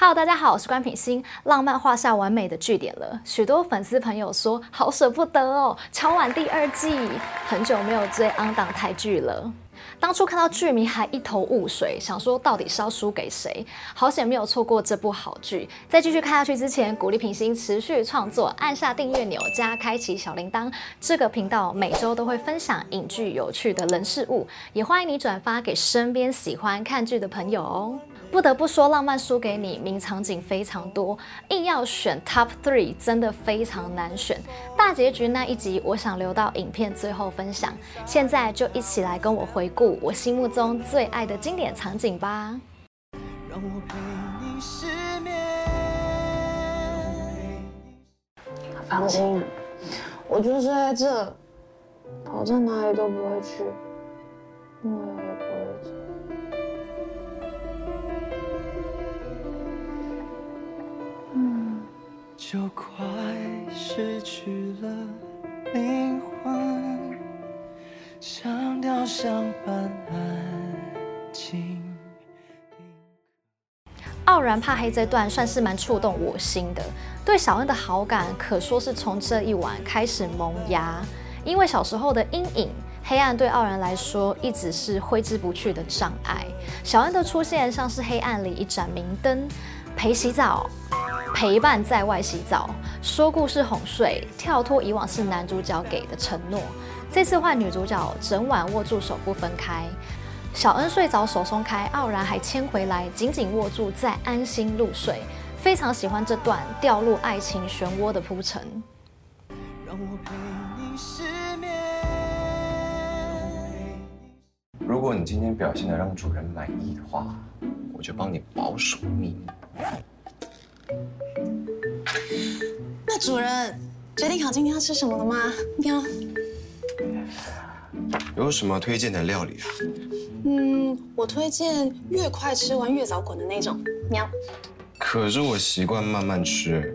Hello，大家好，我是官品心。浪漫畫下完美的句點了。了許多粉絲朋友說好舍不得哦，敲碗第二季，很久沒有追 on 檔台劇了。當初看到劇名還一頭霧水，想說到底是要輸給誰？好險沒有錯過這部好劇。在繼續看下去之前，鼓勵品心持續創作，按下訂閱鈕加開啟小鈴鐺。這個頻道每周都會分享影劇有趣的人事物，也歡迎你轉發給身邊喜歡看劇的朋友哦。不得不說，浪漫輸給你，名場景非常多，硬要選 top three，真的非常難選。大結局那一集，我想留到影片最後分享。現在就一起來跟我回顧我心目中最愛的經典場景吧。讓我陪你失眠，我陪你失眠。放心，我就是在這，跑在哪裡都不會去，我也不會去。就快失去了靈魂，像雕像般安靜。傲然怕黑這段算是蠻觸動我心的，對曉恩的好感可說是從這一晚開始萌芽。因為小時候的陰影，黑暗對傲然來說一直是揮之不去的障礙。曉恩的出現像是黑暗裡一盞明燈，陪洗澡。陪伴在外洗澡、說故事哄睡，跳脫以往是男主角給的承諾，這次換女主角整晚握住手不分開。曉恩睡着手鬆開，傲然還牽回來，緊緊握住再安心入睡。非常喜歡這段掉入愛情漩渦的鋪陳。讓我陪你失眠。如果你今天表現得讓主人滿意的話，我就幫你保守秘密。那主人決定好今天要吃什麼了嗎？喵。有什麼推薦的料理啊？嗯，我推薦越快吃完越早滾的那種。喵。可是我習慣慢慢吃。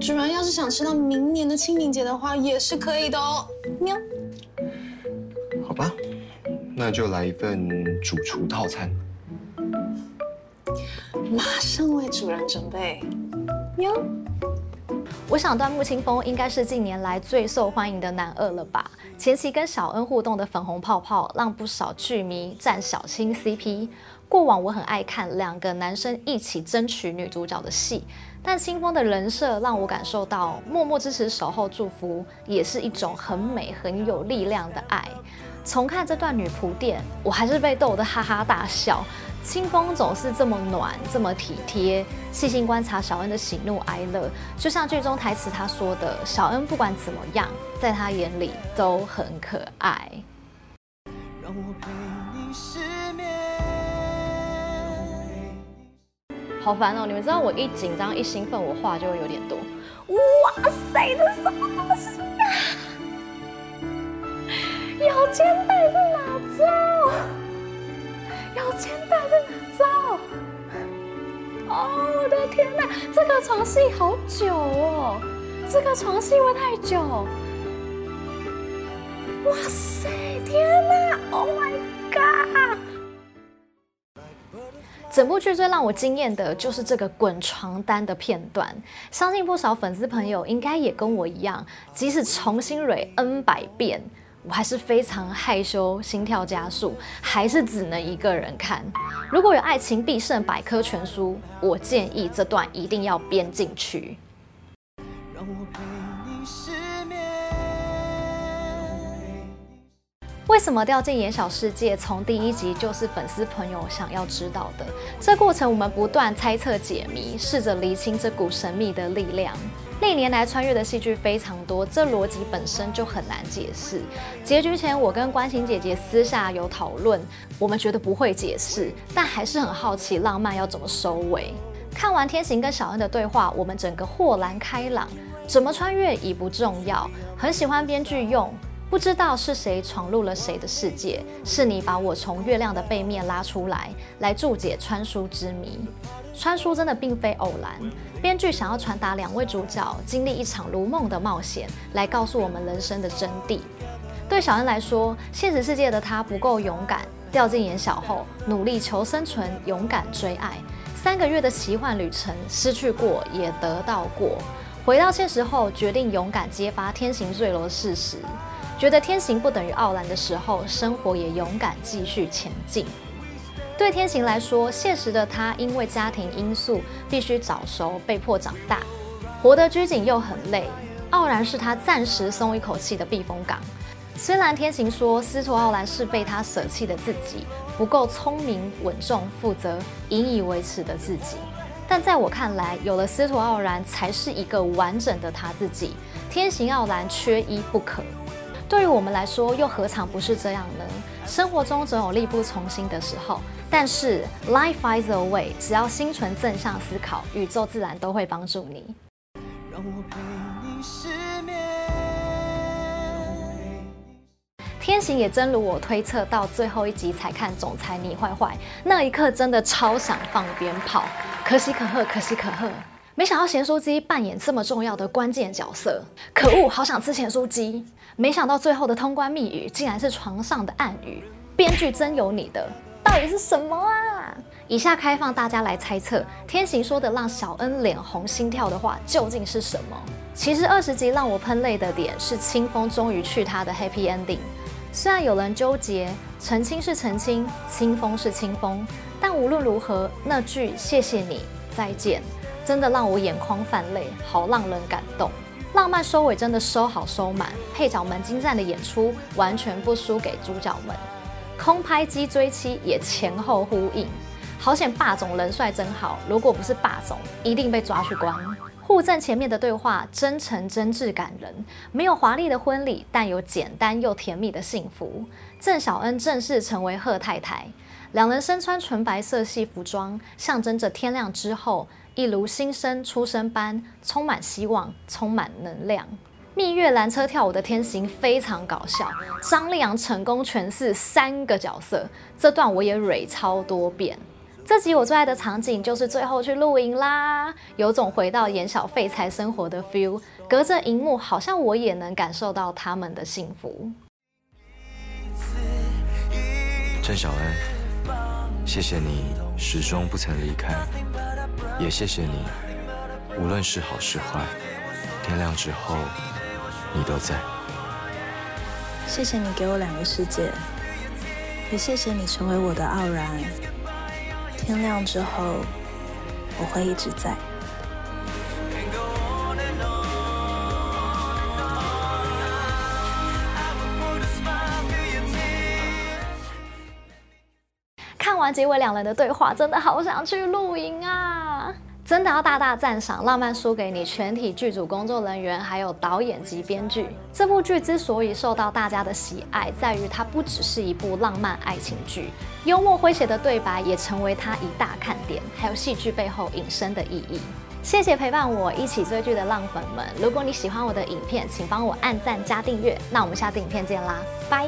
主人要是想吃到明年的清明節的話，也是可以的哦。喵。好吧，那就來一份主廚套餐。馬上為主人準備喲。Yeah. 我想段木清風應該是近年來最受歡迎的男二了吧？前期跟小恩互動的粉紅泡泡，讓不少劇迷站小青 CP。過往我很愛看兩個男生一起爭取女主角的戲，但清風的人設讓我感受到默默支持、守候、祝福，也是一種很美、很有力量的愛。從看這段女僕店，我還是被逗得哈哈大笑。清風總是這麼暖，這麼體貼，細心觀察小恩的喜怒哀樂，就像劇中台詞他說的：“小恩不管怎麼樣，在他眼裡都很可愛。”讓我陪你失眠，好煩哦！你們知道我一緊張、一興奮，我話就會有點多。哇塞，這什麼東西啊？腰天吶、啊，這個床戲好久哦，這個床戲會不會太久？哇塞，天吶、啊，Oh my God！整部劇最讓我驚豔的就是這個滾床單的片段，相信不少粉絲朋友應該也跟我一樣，即使重新蕊 n 百遍。我還是非常害羞，心跳加速，還是只能一個人看。如果有愛情必勝百科全書，我建議這段一定要編進去。讓我陪你失眠。為什麼掉進言小世界？從第一集就是粉絲朋友想要知道的。這過程我們不斷猜測解謎，試着釐清這股神秘的力量。歷年來穿越的戲劇非常多，這邏輯本身就很難解釋。結局前，我跟關心姐姐私下有討論，我們覺得不會解釋，但還是很好奇浪漫要怎麼收尾。看完天行跟曉恩的對話，我們整個豁然開朗，怎麼穿越已不重要。很喜歡編劇用。不知道是誰闖入了誰的世界，是你把我從月亮的背面拉出來，來註解穿書之謎。穿書真的並非偶然，編劇想要傳達兩位主角經歷一場如夢的冒險，來告訴我們人生的真諦。對曉恩來說，現實世界的他不夠勇敢，掉進言小後努力求生存，勇敢追愛。三個月的奇幻旅程，失去過也得到過。回到現實後，決定勇敢揭發天行墜落的事實。覺得天行不等於傲然的時候，生活也勇敢繼續前進。對天行來說，現實的他因為家庭因素必須早熟，被迫長大，活得拘謹又很累。傲然是他暫時鬆一口氣的避風港。雖然天行說司徒傲然是被他舍棄的自己，不夠聰明、穩重、負責、引以為恥的自己，但在我看來，有了司徒傲然才是一個完整的他自己。天行傲然缺一不可。對於我們來說，又何嘗不是這樣呢？生活中總有力不從心的時候，但是 life finds a way，只要心存正向思考，宇宙自然都會幫助你。讓我陪你失眠，讓我陪你。天行也真如我推測，到最後一集才看總裁你壞壞，那一刻真的超想放鞭炮，可喜可賀，可喜可賀。沒想到鹹酥雞扮演這麼重要的關鍵角色。可惡，好想吃鹹酥雞。沒想到最後的通關密語竟然是床上的暗語，編劇真有你的，到底是什麼啊？以下開放大家來猜測，天行說的讓小恩臉紅心跳的話究竟是什麼？其實二十集讓我噴淚的點是青風終於去他的 happy ending，雖然有人糾結澄清是澄清，青風是青風，但無論如何，那句謝謝你再見。真的讓我眼眶泛淚，好讓人感動。浪漫收尾真的收好收滿，配角們精湛的演出完全不輸給主角們。空拍機追妻也前後呼應，好險霸總人帥真好，如果不是霸總，一定被抓去關。戶政前面的對話真誠真摯感人，沒有華麗的婚禮，但有簡單又甜蜜的幸福。鄭曉恩正式成為賀太太，兩人身穿純白色系服裝，象徵着天亮之後。一如新生出生般充滿希望，充滿能量。蜜月纜車跳舞的天行非常搞笑，張立昂成功詮釋三個角色，這段我也蕊超多遍。這集我最愛的場景就是最後去露營啦，有種回到言小廢柴生活的 feel，隔着熒幕好像我也能感受到他們的幸福。鄭曉恩，謝謝你始終不曾離開。也謝謝你，無論是好是壞，天亮之後你都在。謝謝你給我兩個世界，也謝謝你成為我的傲然。天亮之後，我會一直在。結尾兩人的對話真的好想去露營啊！真的要大大讚賞《浪漫輸給你》全體劇組工作人員，還有導演及編劇。這部劇之所以受到大家的喜愛，在於它不只是一部浪漫愛情劇，幽默詼諧的對白也成為它一大看點，還有戲劇背後引申的意義。謝謝陪伴我一起追劇的浪粉們！如果你喜歡我的影片，請幫我按讚加訂閱。那我們下次影片見啦，拜！